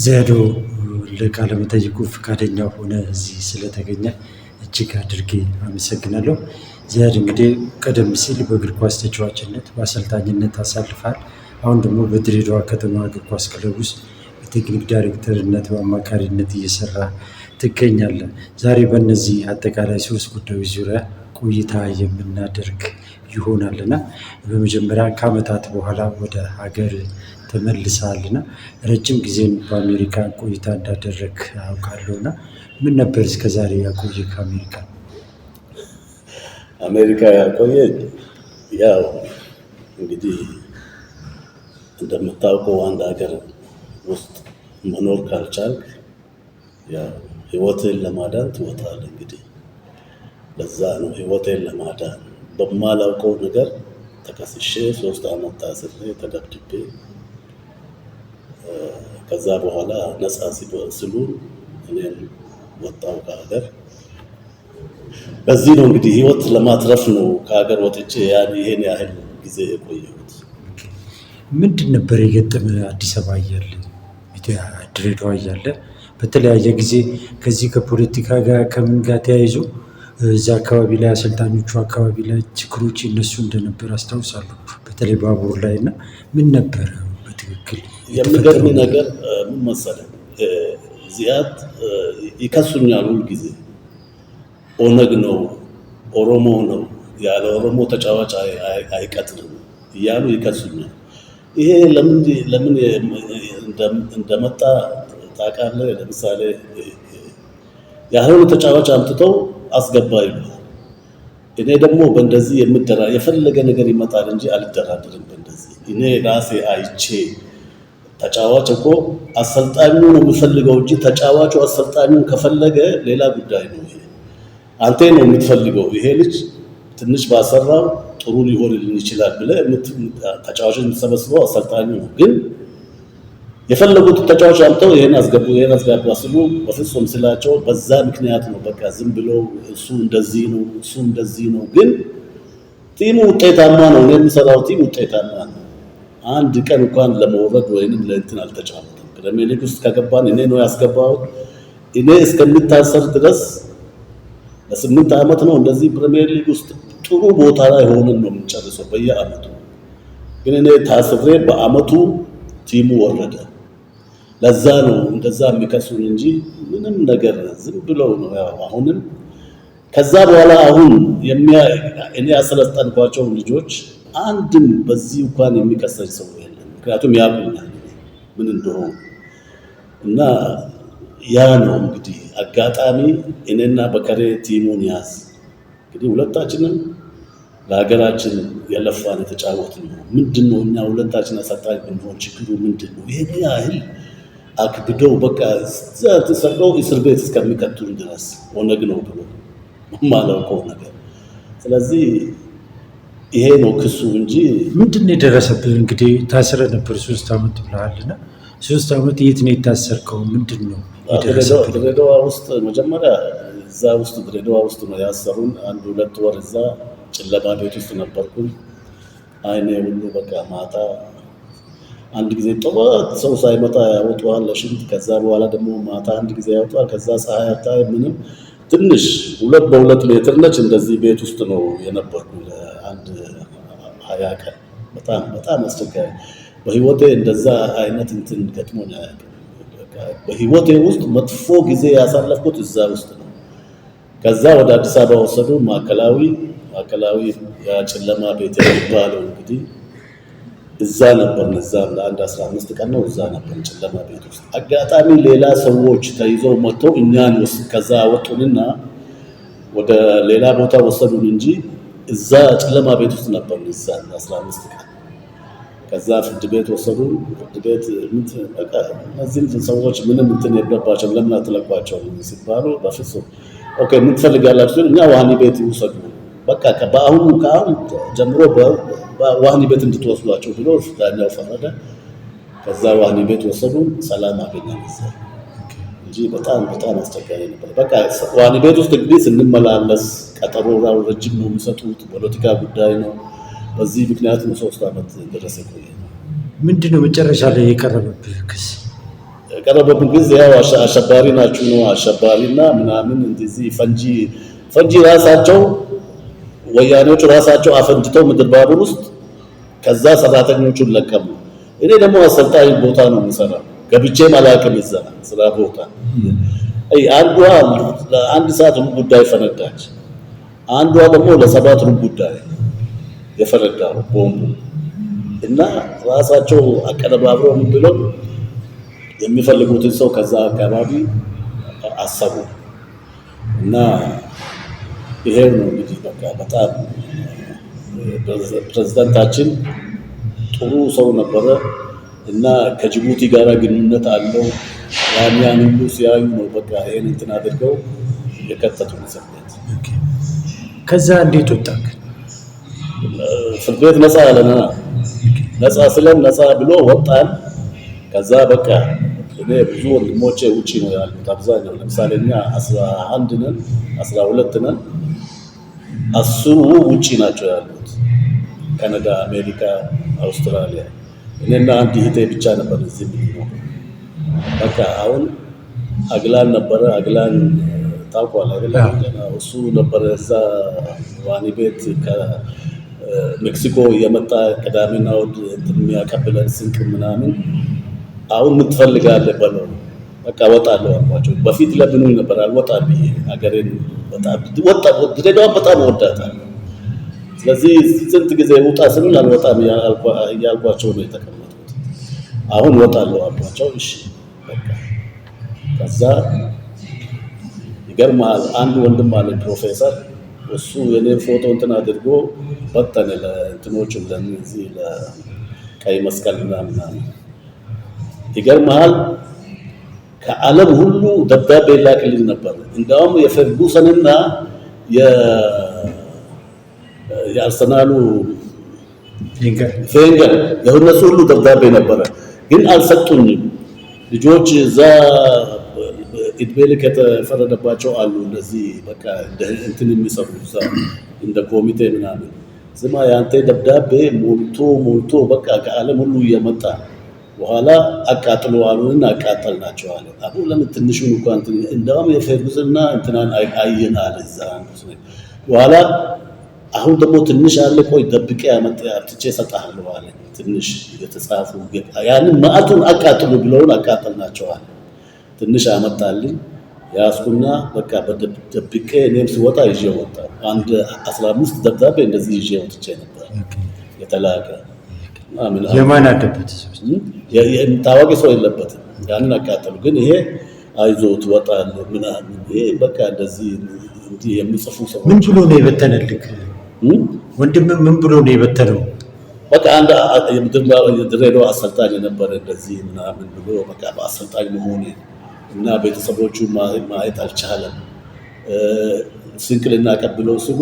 ዘዶ ለቃለመጠይቁ ፈቃደኛ ሆነ እዚህ ስለተገኘ እጅግ አድርጌ አመሰግናለሁ። ዘድ እንግዲህ ቀደም ሲል በእግር ኳስ ተጫዋችነት በአሰልጣኝነት አሳልፋል። አሁን ደግሞ በድሬዳዋ ከተማ እግር ኳስ ክለብ ውስጥ በቴክኒክ ዳይሬክተርነት በአማካሪነት እየሰራ ትገኛለ። ዛሬ በእነዚህ አጠቃላይ ሶስት ጉዳዮች ዙሪያ ቆይታ የምናደርግ ይሆናልና በመጀመሪያ ከዓመታት በኋላ ወደ ሀገር ተመልሰሃልና ረጅም ጊዜ በአሜሪካ ቆይታ እንዳደረግ አውቃለሁና ምን ነበር ዛሬ ያቆየ ከአሜሪካ? አሜሪካ ያቆየ ያው እንግዲህ እንደምታውቀው አንድ ሀገር ውስጥ መኖር ካልቻልክ ህይወትን ህይወትህን ለማዳን ትወጣለህ። እንግዲህ በዛ ነው ህይወቴን ለማዳን በማላውቀው ነገር ተከስሼ ሶስት አመት ታስሬ ተደብድቤ ከዛ በኋላ ነፃ ስሉ እኔም ወጣው ከሀገር። በዚህ ነው እንግዲህ ህይወት ለማትረፍ ነው ከሀገር ወጥቼ ይሄን ያህል ጊዜ የቆየሁት። ምንድን ነበር የገጠመ አዲስ አበባ እያለ ድሬዳዋ እያለ በተለያየ ጊዜ ከዚህ ከፖለቲካ ጋር ከምን ጋር ተያይዞ እዛ አካባቢ ላይ አሰልጣኞቹ አካባቢ ላይ ችግሮች እነሱ እንደነበር አስታውሳለሁ። በተለይ ባቡር ላይ እና ምን ነበረ የሚገርም ነገር ምን መሰለህ፣ ዚያት ይከሱኛል ሁል ጊዜ ኦነግ ነው ኦሮሞ ነው ያለ ኦሮሞ ተጫዋች አይቀጥልም እያሉ ይከሱኛል። ይሄ ለምን ለምን እንደመጣ ታውቃለህ? ለምሳሌ ያልሆነ ተጫዋች አምጥተው አስገባ እኔ ደግሞ በእንደዚህ የምደራ የፈለገ ነገር ይመጣል እንጂ አልደራደርም። በእንደዚህ እኔ ራሴ አይቼ ተጫዋች እኮ አሰልጣኙ ነው የሚፈልገው እንጂ ተጫዋቹ አሰልጣኙን ከፈለገ ሌላ ጉዳይ ነው። ይሄ አንተ ነው የምትፈልገው፣ ይሄ ልጅ ትንሽ ባሰራው ጥሩ ሊሆንልን ይችላል ብለ ተጫዋቾች የምትሰበስበው አሰልጣኙ ነው። ግን የፈለጉት ተጫዋች አምተው ይሄን አስገቡ ይሄን አስጋባ ሲሉ በፍጹም ስላቸው በዛ ምክንያት ነው። በቃ ዝም ብለው እሱ እንደዚህ ነው እሱ እንደዚህ ነው። ግን ቲሙ ውጤታማ ነው። እኔ የምሰራው ቲም ውጤታማ ነው። አንድ ቀን እንኳን ለመውረድ ወይንም ለእንትን አልተጫወተም። ፕሪሚየር ሊግ ውስጥ ከገባን እኔ ነው ያስገባው። እኔ እስከምታሰር ድረስ ለስምንት ዓመት ነው እንደዚህ ፕሪሚየር ሊግ ውስጥ ጥሩ ቦታ ላይ ሆነን ነው የምንጨርሰው በየዓመቱ። ግን እኔ ታስሬ በዓመቱ ቲሙ ወረደ። ለዛ ነው እንደዛ የሚከሱን እንጂ ምንም ነገር ዝም ብለው ነው ያው አሁንም ከዛ በኋላ አሁን እኔ ያሰለጠንኳቸውን ልጆች አንድም በዚህ እንኳን የሚከሰኝ ሰው የለም። ምክንያቱም ያቁኛል ምን እንደሆነ እና ያ ነው እንግዲህ አጋጣሚ እኔና በከሬ ቲሙን ያዝ እንግዲህ ሁለታችንም ለሀገራችን የለፋን የተጫወት ነው። ምንድን ነው እኛ ሁለታችን አሳጣኝ ብንሆን ችግሩ ምንድን ነው? ይህን ያህል አክብደው በቃ ተሰቅለው እስር ቤት እስከሚቀጥሉ ድረስ ኦነግ ነው ብሎ ማላውቀው ነገር ስለዚህ ይሄ ነው ክሱ እንጂ ምንድን ነው የደረሰብህ? እንግዲህ ታስረ ነበር ሶስት ዓመት ብለሃል እና ሶስት ዓመት የት ነው የታሰርከው? ምንድን ነው ድሬዳዋ ውስጥ መጀመሪያ እዛ ውስጥ ድሬዳዋ ውስጥ ነው ያሰሩን። አንድ ሁለት ወር እዛ ጨለማ ቤት ውስጥ ነበርኩኝ። አይኔ ሁሉ በቃ ማታ አንድ ጊዜ ጠዋት ሰው ሳይመጣ ያወጣዋል ለሽንት። ከዛ በኋላ ደግሞ ማታ አንድ ጊዜ ያወጣዋል። ከዛ ፀሐይ አታይ ምንም ትንሽ ሁለት በሁለት ሜትር ነች። እንደዚህ ቤት ውስጥ ነው የነበርኩኝ አንድ ሀያ ቀን በጣም በጣም አስቸጋሪ በህይወቴ እንደዛ አይነት እንትን ገጥሞኝ በህይወቴ ውስጥ መጥፎ ጊዜ ያሳለፍኩት እዛ ውስጥ ነው። ከዛ ወደ አዲስ አበባ ወሰዱ። ማዕከላዊ ማዕከላዊ የጨለማ ቤት የሚባለው እንግዲህ እዛ ነበር። እዛ ለአንድ አስራ አምስት ቀን ነው እዛ ነበር ጨለማ ቤት ውስጥ። አጋጣሚ ሌላ ሰዎች ተይዘው መጥተው እኛን ከዛ አወጡንና ወደ ሌላ ቦታ ወሰዱን እንጂ እዛ ጨለማ ቤት ውስጥ ነበር እዛ አስራ አምስት ቀን ከዛ ፍርድ ቤት ወሰዱ። ፍርድ ቤት እነዚህም ሰዎች ምንም እንትን የለባቸው ለምን አትለቋቸው ሲባሉ በፍጹም ኦኬ ምን ትፈልጋላችሁ እኛ ዋህኒ ቤት ይውሰዱ በቃ በአሁኑ ከአሁን ጀምሮ ዋህኒ ቤት እንድትወስዷቸው ብሎ ዳኛው ፈረደ። ከዛ ዋህኒ ቤት ወሰዱ። ሰላም አገኘን እዛ እንጂ በጣም በጣም አስቸጋሪ ነበር። በቃ ዋን ቤት ውስጥ እንግዲህ ስንመላለስ ቀጠሮ ራው ረጅም ነው የሚሰጡት፣ ፖለቲካ ጉዳይ ነው። በዚህ ምክንያት ነው ሶስት ዓመት ደረሰ ቆየ። ምንድን ነው መጨረሻ ላይ የቀረበብህ ክስ? የቀረበብን ጊዜ ያው አሸባሪ ናችሁ ነው። አሸባሪና ምናምን እንደዚህ ፈንጂ ፈንጂ ራሳቸው ወያኔዎቹ ራሳቸው አፈንጅተው ምድር ባቡር ውስጥ ከዛ ሰራተኞቹን ለቀሙ። እኔ ደግሞ አሰልጣኝ ቦታ ነው የምሰራው ገብቼም አላውቅም። ይዘና ስራ ቦታ አንዷ ለአንድ ሰዓት ሩብ ጉዳይ ፈነዳች። አንዷ ደግሞ ለሰባት ሩብ ጉዳይ የፈነዳው ቦምቡ እና ራሳቸው አቀነባብረው ምን ብለው የሚፈልጉትን ሰው ከዛ አካባቢ አሰቡ እና ይሄ ነው እንግዲህ በቃ በጣም ፕሬዝዳንታችን ጥሩ ሰው ነበረ። እና ከጅቡቲ ጋር ግንኙነት አለው። ያን ያን ሁሉ ሲያዩ ነው በቃ ይህን እንትን አድርገው የከተቱ ፍርድ ከዛ እንዴት ወጣክ? ፍርድ ቤት ነፃ አለና ነፃ ስለን ነፃ ብሎ ወጣን። ከዛ በቃ እኔ ብዙ ወንድሞቼ ውጭ ነው ያሉት አብዛኛው። ለምሳሌ እኛ አስራ አንድ ነን አስራ ሁለት ነን፣ አስሩ ውጭ ናቸው ያሉት፣ ካናዳ፣ አሜሪካ፣ አውስትራሊያ እኔና አንድ እህቴ ብቻ ነበር እዚህ የምንኖር። በቃ አሁን አግላን ነበረ አግላን ታውቋል አይደለ? እሱ ነበረ እዛ ዋኒ ቤት ከሜክሲኮ የመጣ ቅዳሜና እሑድ እንትን የሚያቀብለን ስንቅ ምናምን። አሁን ምን ትፈልጋለህ በለው በቃ እወጣለሁ አልኳቸው። በፊት ለምኑኝ ነበር አልወጣም ብዬ ሀገሬን በጣም ድሬዳዋን በጣም እወዳታለሁ ስለዚህ ስንት ጊዜ ውጣ ስንል አልወጣም እያልኳቸው ነው የተቀመጡት። አሁን ወጣለሁ አልኳቸው። እሺ በቃ ከዛ ይገርማል። አንድ ወንድም አለ ፕሮፌሰር፣ እሱ የኔ ፎቶ እንትን አድርጎ በተነ ለእንትኖቹ ለእነዚህ ለቀይ መስቀል ምናምን ይገርምሃል ከዓለም ሁሉ ደብዳቤ ላክልኝ ነበር። እንዲያውም የ የአርሰናሉ ፌንገር የእነሱ ሁሉ ደብዳቤ ነበረ፣ ግን አልሰጡኝም። ልጆች እዛ እድሜ ልክ የተፈረደባቸው አሉ። እነዚህ በቃ እንትን የሚሰሩ እንደ ኮሚቴ ምናምን ስማ የአንተ ደብዳቤ ሞልቶ ሞልቶ በቃ ከዓለም ሁሉ እየመጣ በኋላ አቃጥሎ አሉንን አቃጠልናቸው አለ። አሁን ለምን ትንሹን እንኳን እንደውም የፌርጉዝና እንትናን አየን አለ እዛ በኋላ አሁን ደግሞ ትንሽ አለ፣ ቆይ ደብቄ አምጥቼ እሰጥሃለሁ አለ። ትንሽ የተጻፉ ያንን መዓቱን አቃጥሉ ብለውን አቃጠልናቸዋል። ትንሽ አመጣልኝ ያስኩና በቃ በደብቀ እኔም ስወጣ ይዤ ወጣ። አንድ አስራ አምስት ደብዳቤ እንደዚህ ይዤ ወጥቼ ነበር የተላከ የማን አለበት ታዋቂ ሰው የለበትም። ያንን አቃጠሉ። ግን ይሄ አይዞ ትወጣል ምናምን ይሄ በቃ እንደዚህ እንዲህ የሚጽፉ ሰው ምን ብሎ ነው የበተነልክ? ወንድም ምን ብሎ ነው የበተነው? በቃ አንድ ድሬዳዋ አሰልጣኝ የነበረ እንደዚህ ምናምን ብሎ በቃ በአሰልጣኝ መሆን እና ቤተሰቦቹ ማየት አልቻለም። ስንቅል እናቀብለው ስሉ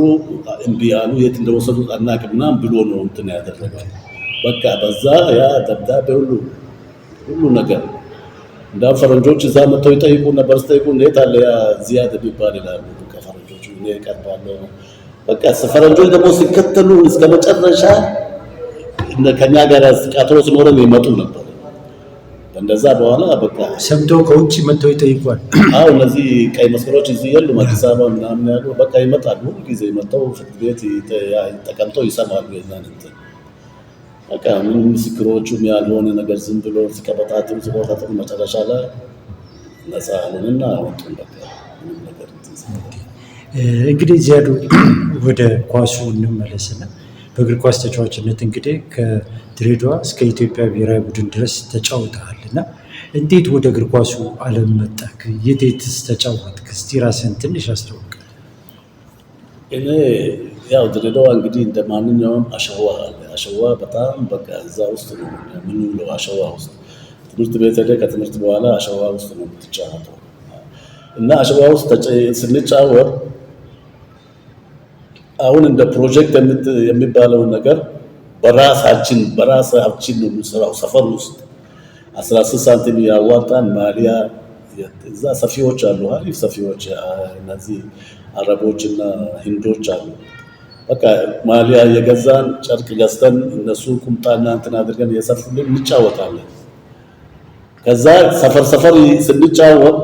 እምቢ አሉ። የት እንደወሰዱ አናውቅም ምናምን ብሎ ነው እንትን ያደረጋል። በቃ በዛ ያ ደብዳቤ ሁሉ ሁሉ ነገር እንዳም ፈረንጆች እዛ መጥተው ይጠይቁ ነበር። ስጠይቁ እንዴት አለ ያ ዚያድ የሚባል ይላሉ። ከፈረንጆቹ እኔ እቀርባለሁ በቃ ፈረንጆች ደግሞ ሲከተሉ እስከ መጨረሻ ከኛ ጋር ቀጥሮ ሲኖረን ይመጡ ነበር። እንደዛ በኋላ በቃ ሰምተው ከውጭ መጥተው ይጠይቋል። አዎ እነዚህ ቀይ መስቀሎች እዚህ የሉም አዲስ አበባ ምናምን ያሉ በቃ ይመጣሉ። ሁሉ ጊዜ መጥተው ፍርድ ቤት ተቀምጠው ይሰማሉ። የዛን እንትን በቃ ምንም ምስክሮቹም ያልሆነ ነገር ዝም ብሎ ሲቀበጣጥሩ ሲቆጣጥሩ መጨረሻ ላይ ነፃ አሉንና አወጡን በቃ ምንም ነገር እንግዲህ ዚያዱ ወደ ኳሱ እንመለስና በእግር ኳስ ተጫዋችነት እንግዲህ ከድሬዳዋ እስከ ኢትዮጵያ ብሔራዊ ቡድን ድረስ ተጫውተሃል እና እንዴት ወደ እግር ኳሱ ዓለም መጣክ? የቴትስ ተጫወትክ? እስቲ ራስን ትንሽ አስተዋውቅ። እኔ ያው ድሬዳዋ እንግዲህ እንደ ማንኛውም አሸዋ አለ። አሸዋ በጣም በቃ እዛ ውስጥ ነው የምንውለው። አሸዋ ውስጥ ትምህርት ቤት ላይ ከትምህርት በኋላ አሸዋ ውስጥ ነው የምትጫወተው እና አሸዋ ውስጥ ስንጫወት አሁን እንደ ፕሮጀክት የሚባለውን ነገር በራሳችን በራሳችን ነው የምንሰራው። ሰፈር ውስጥ 16 ሳንቲም ያዋጣን ማሊያ እዛ ሰፊዎች አሉ፣ አሪፍ ሰፊዎች እነዚህ አረቦች እና ሂንዶች አሉ። በቃ ማሊያ የገዛን ጨርቅ ገዝተን እነሱ ቁምጣና እንትን አድርገን የሰፉልን እንጫወታለን። ከዛ ሰፈር ሰፈር ስንጫወት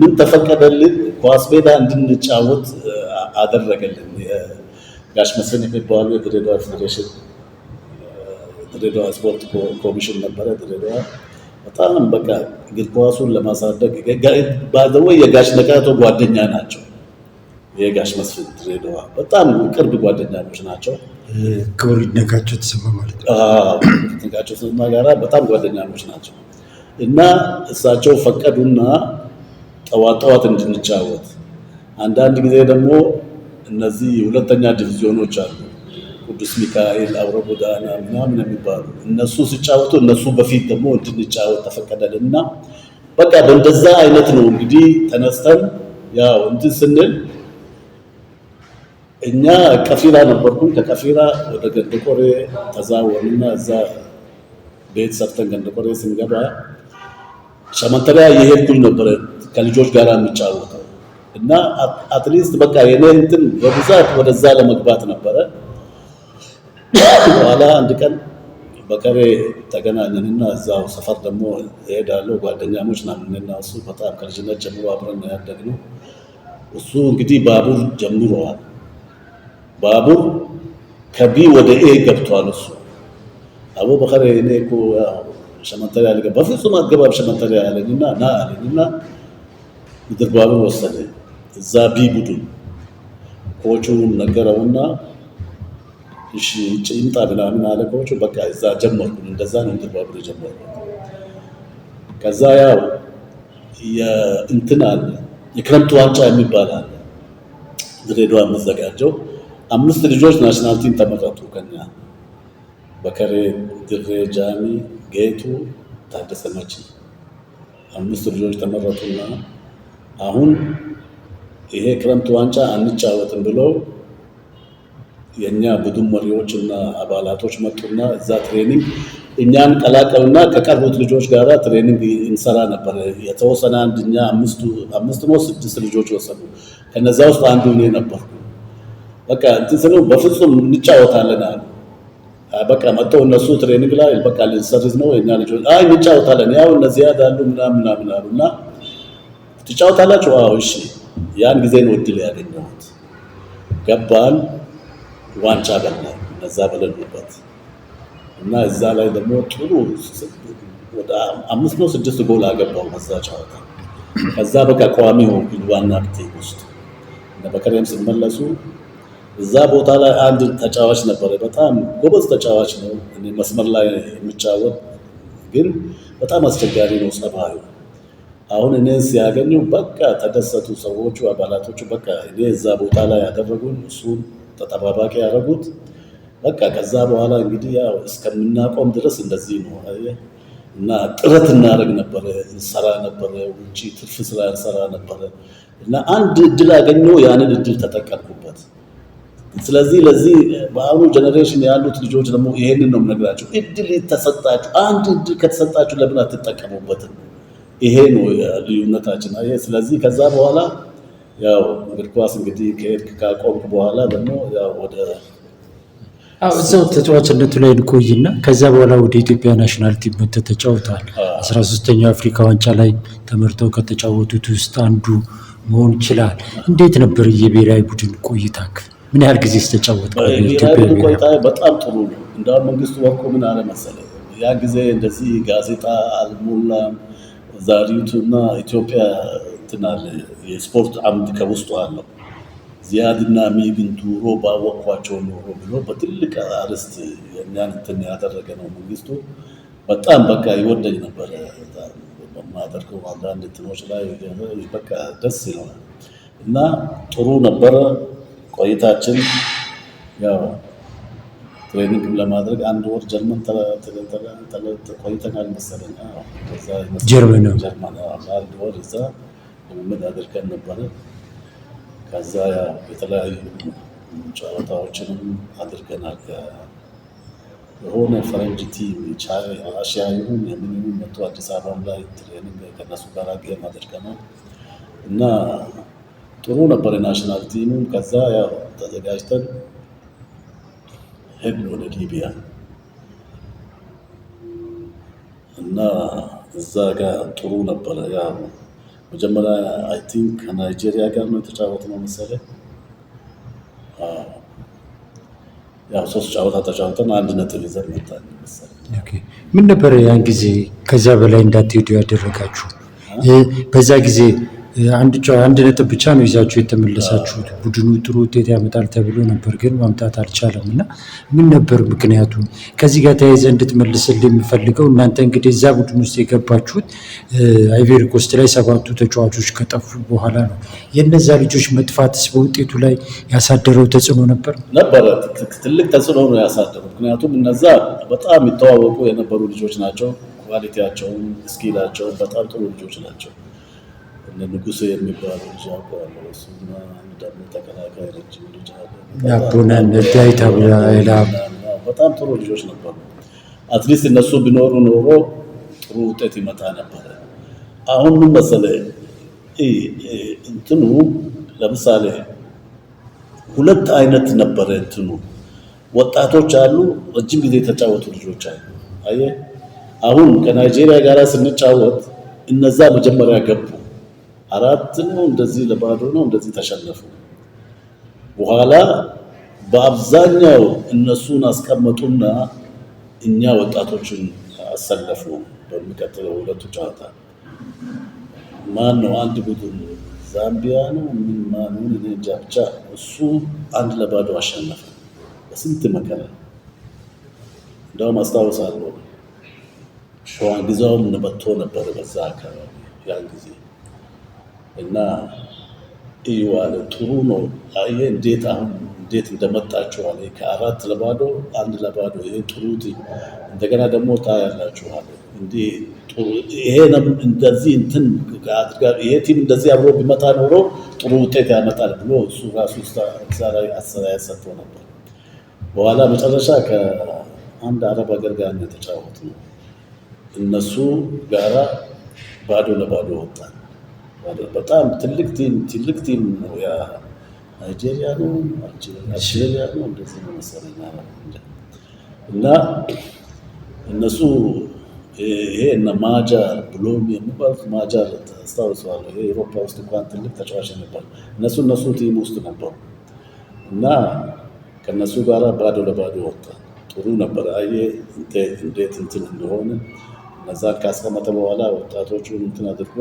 ምን ተፈቀደልን? ኳስ ሜዳ እንድንጫወት አደረገልን። ጋሽ የሚባሉ የድሬዳዋ ፌዴሬሽን ድሬዳዋ ስፖርት ኮሚሽን ነበረ። ድሬዳዋ በጣም በቃ እግር ኳሱን ለማሳደግ ባዘወይ የጋሽ ነቃቶ ጓደኛ ናቸው። የጋሽ መስፍን ድሬዳዋ በጣም ቅርብ ጓደኛሞች ናቸው። ክብር ይድነቃቸው ተሰማ ማለት ነው። ይድነቃቸው ተሰማ ጋራ በጣም ጓደኛሞች ናቸው እና እሳቸው ፈቀዱና ጠዋት ጠዋት እንድንጫወት አንዳንድ ጊዜ ደግሞ እነዚህ ሁለተኛ ዲቪዚዮኖች አሉ። ቅዱስ ሚካኤል፣ አብረ ጎዳና ምናምን የሚባሉ እነሱ ሲጫወቱ እነሱ በፊት ደግሞ እንድንጫወት ተፈቀደልን እና በቃ በእንደዛ አይነት ነው እንግዲህ ተነስተን ያው እንትን ስንል እኛ ቀፊራ ነበርኩኝ። ከቀፊራ ወደ ገንደቆሬ ተዛወርንና እዛ ቤት ሰርተን ገንደቆሬ ስንገባ ሸመንተሪያ የሄድኩኝ ነበረ ከልጆች ጋር የሚጫወተው እና አትሊስት በቃ የኔ እንትን በብዛት ወደዛ ለመግባት ነበረ። በኋላ አንድ ቀን በከሬ ተገናኘንና እዛው ሰፈር ደግሞ እሄዳለሁ ጓደኛሞች ናምን እና እሱ በጣም ከልጅነት ጀምሮ አብረን ያደግነው እሱ እንግዲህ ባቡር ጀምረዋል። ባቡር ከቢ ወደ ኤ ገብቷል። እሱ አቡ በከሬ እኔ እኮ ሸመንተሪ አልገባም በፍጹም አትገባም ሸመንተሪ አለኝና ና አለኝና ምድር ባቡር ወሰደኝ። እዛ ቢ ቡድን ኮቹ ነገረውና እሺ ይምጣ ምናምን አለ ኮቹ። በቃ እዛ ጀመርኩ። እንደዛ ነው ተባብሮ ጀመርኩ። ከዛ ያው እንትን አለ የክረምት ዋንጫ የሚባል አለ ድሬዳዋ የሚዘጋጀው። አምስት ልጆች ናሽናል ቲም ተመረጡ ከኛ በከሬ ድሬ፣ ጃሚ፣ ጌቱ፣ ታደሰ መቼ አምስት ልጆች ተመረጡና አሁን ይሄ ክረምት ዋንጫ አንጫወትም ብለው የእኛ ቡድን መሪዎች እና አባላቶች መጡና እዛ ትሬኒንግ እኛን ቀላቀሉና ከቀሩት ልጆች ጋር ትሬኒንግ እንሰራ ነበር። የተወሰነ አንድ እኛ አምስት ነው ስድስት ልጆች ወሰዱ። ከነዛ ውስጥ አንዱ እኔ ነበርኩ። በቃ እንትን ስለው በፍጹም እንጫወታለን አሉ። በቃ መጥተው እነሱ ትሬኒንግ ላይ በቃ ልንሰርዝ ነው የእኛ ልጆች አይ እንጫወታለን፣ ያው እነዚያ ያዳሉ ምናምን ምናምን አሉ እና ትጫወታላችሁ? አዎ እሺ ያን ጊዜ ነው እድል ያገኘሁት። ገባን፣ ዋንጫ በላ እነዛ በለሉበት እና እዛ ላይ ደግሞ ጥሩ ወደ አምስት ነው ስድስት ጎል አገባው ከዛ ጨዋታ። ከዛ በቃ ቋሚ ሆንኩኝ ዋና ብቴክ ውስጥ እና በከሬም ስመለሱ እዛ ቦታ ላይ አንድ ተጫዋች ነበረ። በጣም ጎበዝ ተጫዋች ነው፣ መስመር ላይ የሚጫወት ግን በጣም አስቸጋሪ ነው ጸባዩ አሁን እኔን ሲያገኙ በቃ ተደሰቱ። ሰዎቹ አባላቶቹ በቃ እኔ እዛ ቦታ ላይ ያደረጉን እሱን ተጠባባቂ ያደረጉት በቃ ከዛ በኋላ እንግዲህ ያው እስከምናቆም ድረስ እንደዚህ ነው እና ጥረት እናደርግ ነበረ፣ እንሰራ ነበረ፣ ውጭ ትርፍ ስራ እንሰራ ነበረ እና አንድ እድል አገኘው፣ ያንን እድል ተጠቀምኩበት። ስለዚህ ለዚህ በአሁኑ ጀኔሬሽን ያሉት ልጆች ደግሞ ይሄንን ነው የምነግራቸው፣ እድል ተሰጣችሁ፣ አንድ እድል ከተሰጣችሁ ለምን አትጠቀሙበትም? ይሄ ነው ልዩነታችን። ስለዚህ ከዛ በኋላ ያው እግር ኳስ እንግዲህ ከሄድክ ካቆምክ በኋላ ደግሞ ያው ወደ እዛው ተጫዋችነቱ ላይ እንቆይና ከዛ በኋላ ወደ ኢትዮጵያ ናሽናል ቲም መጥተህ ተጫውተሃል። አስራ ሶስተኛው አፍሪካ ዋንጫ ላይ ተመርተው ከተጫወቱት ውስጥ አንዱ መሆን ይችላል። እንዴት ነበር የብሔራዊ ቡድን ቆይታክ? ምን ያህል ጊዜ ስተጫወት? ኢትዮጵያ ቆይታ በጣም ጥሩ ነው። እንደውም መንግስቱ ወርቁ ምን አለ መሰለህ ያ ጊዜ እንደዚህ ጋዜጣ አልሞላም እና ኢትዮጵያ ትናል የስፖርት አምድ ከውስጡ አለው። ዚያድና ሚግን ቱሮ ባወቅኳቸው ኖሮ ብሎ በትልቅ አርስት የሚያንትን ያደረገ ነው። መንግስቱ በጣም በቃ ይወደኝ ነበረ። በማደርገው አንዳንድ ትኖች ላይ በቃ ደስ ይለናል እና ጥሩ ነበረ ቆይታችን ያው ትሬኒንግ ለማድረግ አንድ ወር ጀርመን ቆይተናል መሰለኝ። ጀርመን አንድ ወር እዛ ልምምድ አድርገን ነበረ። ከዛ የተለያዩ ጨዋታዎችንም አድርገናል። የሆነ ፈረንጅ ቲም አሽያ ይሁን የምን መቶ አዲስ አበባም ላይ ትሬኒንግ ከነሱ ጋር ጌም አድርገናል እና ጥሩ ነበር የናሽናል ቲምም ከዛ ያው ተዘጋጅተን ሄድን ወደ ሊቢያ እና እዛ ጋር ጥሩ ነበረ። ያው መጀመሪያ አይ ቲንክ ከናይጄሪያ ጋር ነው የተጫወት ነው መሰለኝ። ያው ሶስት ጨዋታ ተጫውተን አንድ ነጥብ ይዘን መጣን መሰለኝ። ምን ነበረ ያን ጊዜ ከዛ በላይ እንዳትሄዱ ያደረጋችሁ በዛ ጊዜ አንድ አንድ ነጥብ ብቻ ነው ይዛችሁ የተመለሳችሁት። ቡድኑ ጥሩ ውጤት ያመጣል ተብሎ ነበር፣ ግን ማምጣት አልቻለም እና ምን ነበር ምክንያቱ? ከዚህ ጋር ተያይዘ እንድትመልስል የምፈልገው እናንተ እንግዲህ እዛ ቡድን ውስጥ የገባችሁት አይቬሪ ኮስት ላይ ሰባቱ ተጫዋቾች ከጠፉ በኋላ ነው። የነዛ ልጆች መጥፋትስ በውጤቱ ላይ ያሳደረው ተጽዕኖ ነበር ነበረ? ትልቅ ተጽዕኖ ነው ያሳደረው። ምክንያቱም እነዛ በጣም የተዋወቁ የነበሩ ልጆች ናቸው። ኳሊቲያቸውን፣ ስኪላቸውን በጣም ጥሩ ልጆች ናቸው። ንጉሱ የሚባሉ ልጅ አውቀዋለሁ። እሱና አንድ ደግሞ ተከላካይ ልጅ ልጅ አለ ነዳይ ተብላ በጣም ጥሩ ልጆች ነበሩ። አትሊስት እነሱ ቢኖሩ ኖሮ ጥሩ ውጤት ይመጣ ነበረ። አሁን ምን መሰለ እንትኑ ለምሳሌ ሁለት አይነት ነበረ እንትኑ ወጣቶች አሉ፣ ረጅም ጊዜ የተጫወቱ ልጆች አሉ። አየህ አሁን ከናይጄሪያ ጋር ስንጫወት እነዛ መጀመሪያ ገቡ አራት ነው እንደዚህ ለባዶ ነው እንደዚህ ተሸነፉ። በኋላ በአብዛኛው እነሱን አስቀመጡና እኛ ወጣቶችን አሰለፉ። በሚቀጥለው ሁለቱ ጨዋታ ማን ነው አንድ ቡድን ዛምቢያ ነው ምን ማኑን እኔ እንጃ ብቻ እሱ አንድ ለባዶ አሸነፈ። በስንት መከራ እንደውም አስታውሳለሁ። ሸዋ ግዛውም ነበቶ ነበር በዛ አካባቢ ያን ጊዜ እና እዩ አለ። ጥሩ ነው። አየህ እንዴት አሁን እንዴት እንደመጣችሁ አለ። ከአራት ለባዶ አንድ ለባዶ ይሄ ጥሩ እንደገና ደግሞ ታያላችሁ አለ። እንዲህ ጥሩ ይሄ እንደዚህ እንትን አድርጋ ይሄ ቲም እንደዚህ አብሮ ቢመጣ ኖሮ ጥሩ ውጤት ያመጣል ብሎ እሱ ራሱ እግዚአብሔር አስተያየት ሰጥቶ ነበር። በኋላ መጨረሻ ከአንድ አረብ ሀገር ጋር ነው የተጫወት ነው እነሱ ጋራ ባዶ ለባዶ ወጣል። በጣም ትልቅ ቲም ትልቅ ቲም ነው ያ ናይጄሪያ ነው ናይጄሪያ ነው እንደዚህ ነው መሰለኝ እና እነሱ ይሄ እነ ማጃር ብሎም የሚባሉት ማጃር ታስታውሰዋለህ? ይሄ ኤሮፓ ውስጥ እንኳን ትልቅ ተጫዋች ነበር። እነሱ እነሱ ቲም ውስጥ ነበሩ እና ከእነሱ ጋር ባዶ ለባዶ ወጣ። ጥሩ ነበር። አየ እንዴት እንትን እንደሆነ እነዛን ካስቀመጠ በኋላ ወጣቶቹ እንትን አድርጎ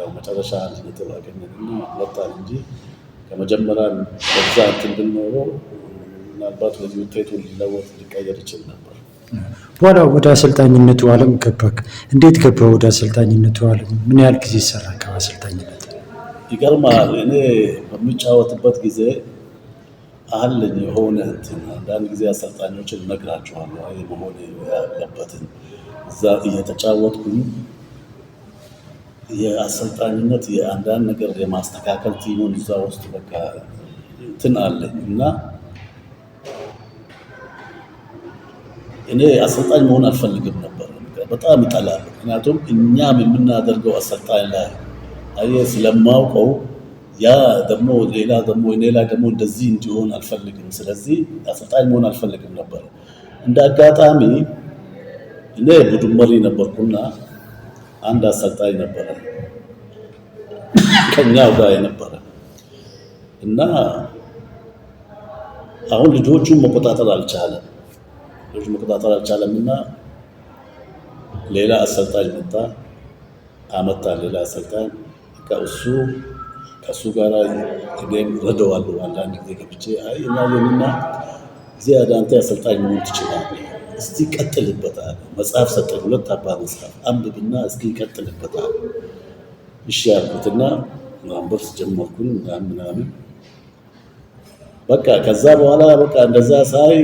ያው መጨረሻ ነጥብ አገኘንና መጣን እንጂ ከመጀመሪያ በዛ እንትን ብንኖሮ ምናልባት በዚህ ውጤቱ ሊለወጥ ሊቀየር ይችል ነበር። በኋላ ወደ አሰልጣኝነቱ ዓለም ገባክ። እንዴት ገባ ወደ አሰልጣኝነቱ ዓለም? ምን ያህል ጊዜ ይሰራ ከአሰልጣኝነት? ይገርማል። እኔ በሚጫወትበት ጊዜ አለኝ የሆነ እንትን አንዳንድ ጊዜ አሰልጣኞችን እነግራቸዋለሁ መሆን ያለበትን እዛ እየተጫወትኩኝ የአሰልጣኝነት የአንዳንድ ነገር የማስተካከል ቲሙን እዛ ውስጥ በቃ እንትን አለኝ እና እኔ አሰልጣኝ መሆን አልፈልግም ነበር። በጣም ይጠላል። ምክንያቱም እኛም የምናደርገው አሰልጣኝ ላይ አየ ስለማውቀው ያ ደግሞ ሌላ ደግሞ ሌላ ደግሞ እንደዚህ እንዲሆን አልፈልግም። ስለዚህ አሰልጣኝ መሆን አልፈልግም ነበር። እንደ አጋጣሚ እኔ ቡድን መሪ ነበርኩና አንድ አሰልጣኝ ነበረ ከኛው ጋር የነበረ እና አሁን ልጆቹን መቆጣጠር አልቻለም። ልጆቹን መቆጣጠር አልቻለም እና ሌላ አሰልጣኝ መጣ አመጣ ሌላ አሰልጣኝ ከእሱ ከእሱ ጋር እኔም ረደዋለሁ። አንዳንድ ጊዜ ገብቼ አይ እና የምና እዚህ አዳንቴ አሰልጣኝ መሆን ትችላለህ እስቲ ቀጥልበታል። መጽሐፍ ሰጠን፣ ሁለት አባ መጽሐፍ አንብብና እስቲ ቀጥልበታል። እሺ ያልኩትና ማንበብ ጀመርኩኝ ምናምን በቃ ከዛ በኋላ በቃ እንደዛ ሳይ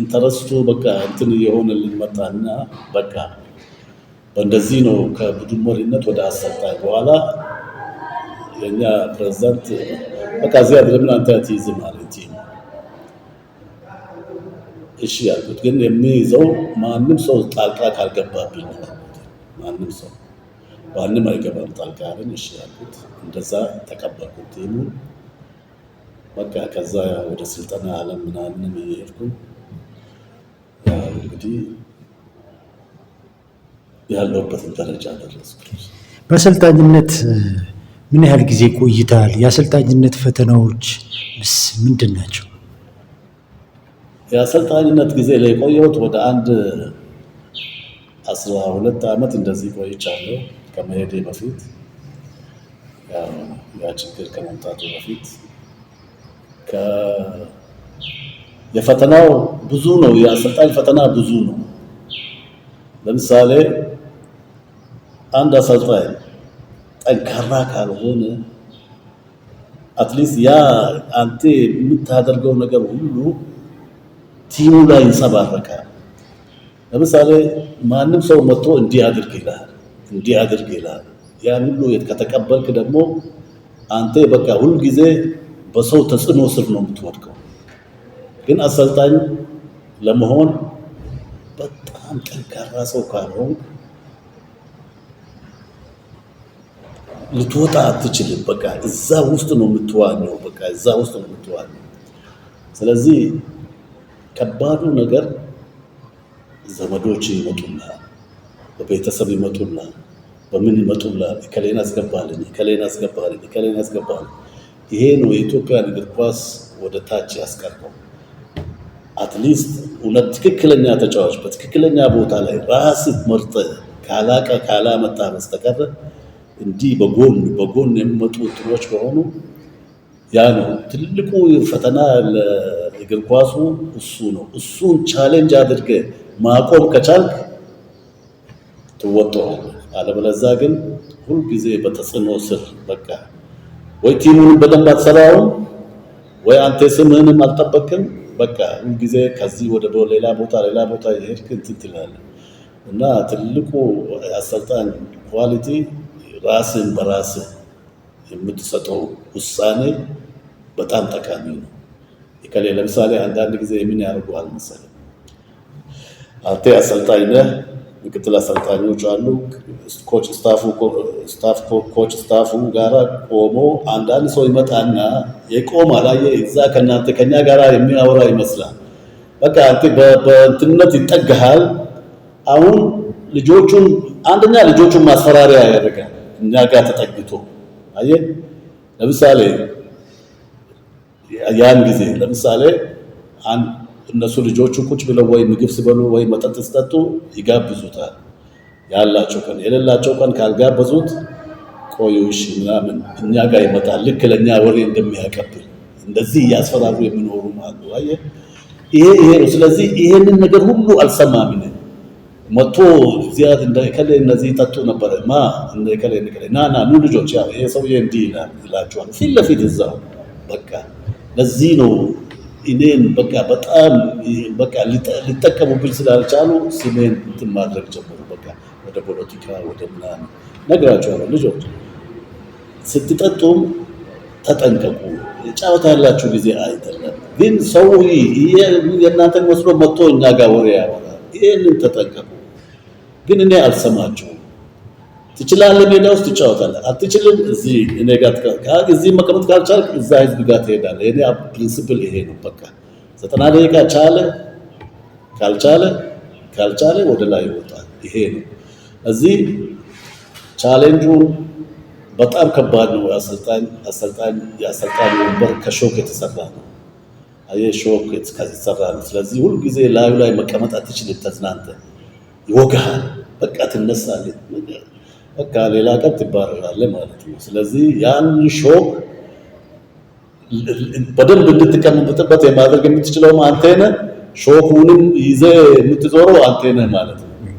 ኢንተረስቱ በቃ እንትን እየሆነልን መጣና በቃ በእንደዚህ ነው ከቡድን መሪነት ወደ አሰልጣኝ በኋላ የኛ ፕሬዚዳንት በቃ እዚህ አይደለም አንተ አለ ቲም እሺ ያልኩት ግን የሚይዘው ማንም ሰው ጣልቃ ካልገባብኝ ማንም ሰው ማንም አይገባም ጣልቃ ያለኝ እሺ ያልኩት እንደዛ ተቀበልኩት ቲሙ በቃ ከዛ ወደ ስልጠና አለም ምናምን የሄድኩ እንግዲህ ያለውበትን ደረጃ ደረስኩ። በአሰልጣኝነት ምን ያህል ጊዜ ቆይታል? የአሰልጣኝነት ፈተናዎች ምንድን ናቸው? የአሰልጣኝነት ጊዜ ላይ የቆየሁት ወደ አንድ አስራ ሁለት ዓመት እንደዚህ ቆይቻለሁ። ከመሄዴ በፊት ያ ችግር ከመምጣቱ በፊት የፈተናው ብዙ ነው። የአሰልጣኝ ፈተና ብዙ ነው። ለምሳሌ አንድ አሰልጣኝ ጠንካራ ካልሆነ አትሊስት ያ አንተ የምታደርገው ነገር ሁሉ ቲሙ ላይ ይንጸባረቃል። ለምሳሌ ማንም ሰው መጥቶ እንዲህ አድርግ ይላል እንዲህ አድርግ ይላል። ያን ሁሉ ከተቀበልክ ደግሞ አንተ በቃ ሁልጊዜ በሰው ተጽዕኖ ስር ነው የምትወድቀው። ግን አሰልጣኝ ለመሆን በጣም ጠንካራ ሰው ካልሆን ልትወጣ አትችልም። በቃ እዛ ውስጥ ነው የምትዋኘው። በቃ እዛ ውስጥ ነው የምትዋኘው። ስለዚህ ከባዱ ነገር ዘመዶች ይመጡና በቤተሰብ ይመጡና በምን ይመጡና ከሌን አስገባልኝ፣ ከሌን አስገባልኝ፣ ከሌን አስገባልኝ። ይሄ ነው የኢትዮጵያን እግር ኳስ ወደ ታች ያስቀርበው። አትሊስት ሁለት ትክክለኛ ተጫዋች በትክክለኛ ቦታ ላይ ራስ መርጠህ ካላቀ ካላመጣ በስተቀር እንዲህ በጎን በጎን የሚመጡ ትሮች በሆኑ ያ ነው ትልቁ ፈተና እግር ኳሱ እሱ ነው። እሱን ቻሌንጅ አድርገ ማቆም ከቻልክ ትወጠዋለህ። አለበለዛ ግን ሁልጊዜ በተጽዕኖ ስር በቃ ወይ ቲሙንም በደንብ አትሰራውም፣ ወይ አንተ ስምህንም አልጠበቅም። በቃ ሁልጊዜ ከዚህ ወደ ሌላ ቦታ ሌላ ቦታ የሄድክ እንትን ትላለህ እና ትልቁ አሰልጣኝ ኳሊቲ ራስን በራስ የምትሰጠው ውሳኔ በጣም ጠቃሚ ነው። ይከሌ ለምሳሌ አንዳንድ ጊዜ ምን ያደርጉሃል መሰለህ አንተ አሰልጣኝ ነህ፣ ምክትል አሰልጣኞች አሉ። ኮች ስታፉ ስታፍ ኮች ስታፉ ጋራ ቆሞ አንዳንድ ሰው ይመጣና የቆም አላየ እዛ ከናንተ ከኛ ጋራ የሚያወራ ይመስላል። በቃ አንተ በእንትነት ይጠጋሃል። አሁን ልጆቹን አንደኛ ልጆቹን ማስፈራሪያ ያደርጋል እኛ ጋር ተጠግቶ አየህ ለምሳሌ ያን ጊዜ ለምሳሌ እነሱ ልጆቹ ቁጭ ብለው ወይ ምግብ ሲበሉ ወይ መጠጥ ሲጠጡ ይጋብዙታል። ያላቸው ቀን የሌላቸው ቀን ካልጋበዙት ቆዩ እሺ ምናምን እኛ ጋር ይመጣል። ልክ ለእኛ ወሬ እንደሚያቀብል እንደዚህ እያስፈራሩ የሚኖሩ አሉ። አየ ይሄ ይሄ ነው። ስለዚህ ይሄንን ነገር ሁሉ አልሰማምን መቶ መጥቶ ዚያት እንደ ከለ እነዚህ ጠጡ ነበረ ማ እንደ ከለ እንደ ና ና ኑ ልጆች፣ ያ ይሄ ሰውዬ እንዲህ ይላል ይላቸዋል ፊት ለፊት እዛው በቃ ለዚህ ነው እኔን በቃ በጣም በቃ ሊጠቀሙብኝ ስላልቻሉ ስሜን እንትን ማድረግ ጀመሩ። በቃ ወደ ፖለቲካ ወደ ምናምን ነግራቸዋለሁ። ልጆች ስትጠጡም ተጠንቀቁ። ጨዋታ ያላችሁ ጊዜ አይደለም። ግን ሰው የእናንተን መስሎ መጥቶ እኛ ጋር ወሬ ያወራል። ይህንን ተጠንቀቁ። ግን እኔ አልሰማችሁም። ትችላለህ፣ ሜዳ ውስጥ ትጫወታለህ። አትችልም፣ እዚህ እኔ ጋር እዚህ መቀመጥ ካልቻልክ እዛ ህዝብ ጋር ትሄዳለህ። የኔ ፕሪንስፕል ይሄ ነው። በቃ ዘጠና ደቂቃ ቻለ ካልቻለ ካልቻለ ወደ ላይ ይወጣል። ይሄ ነው። እዚህ ቻሌንጁ በጣም ከባድ ነው። አሰልጣኝ አሰልጣኝ የአሰልጣኝ ወንበር ከሾክ የተሰራ ነው። አየህ ሾክ የተሰራ ነው። ስለዚህ ጊዜ ላዩ ላይ መቀመጥ አትችልም። ተዝናንተ ይወጋሃል። በቃ ትነሳለህ። በቃ ሌላ ቀን ትባረራለህ ማለት ነው። ስለዚህ ያን ሾክ በደንብ እንድትቀመጥበት የማድረግ የምትችለውም አንተ ነህ። ሾኩንም ይዘህ የምትዞረው አንተ ነህ ማለት ነው።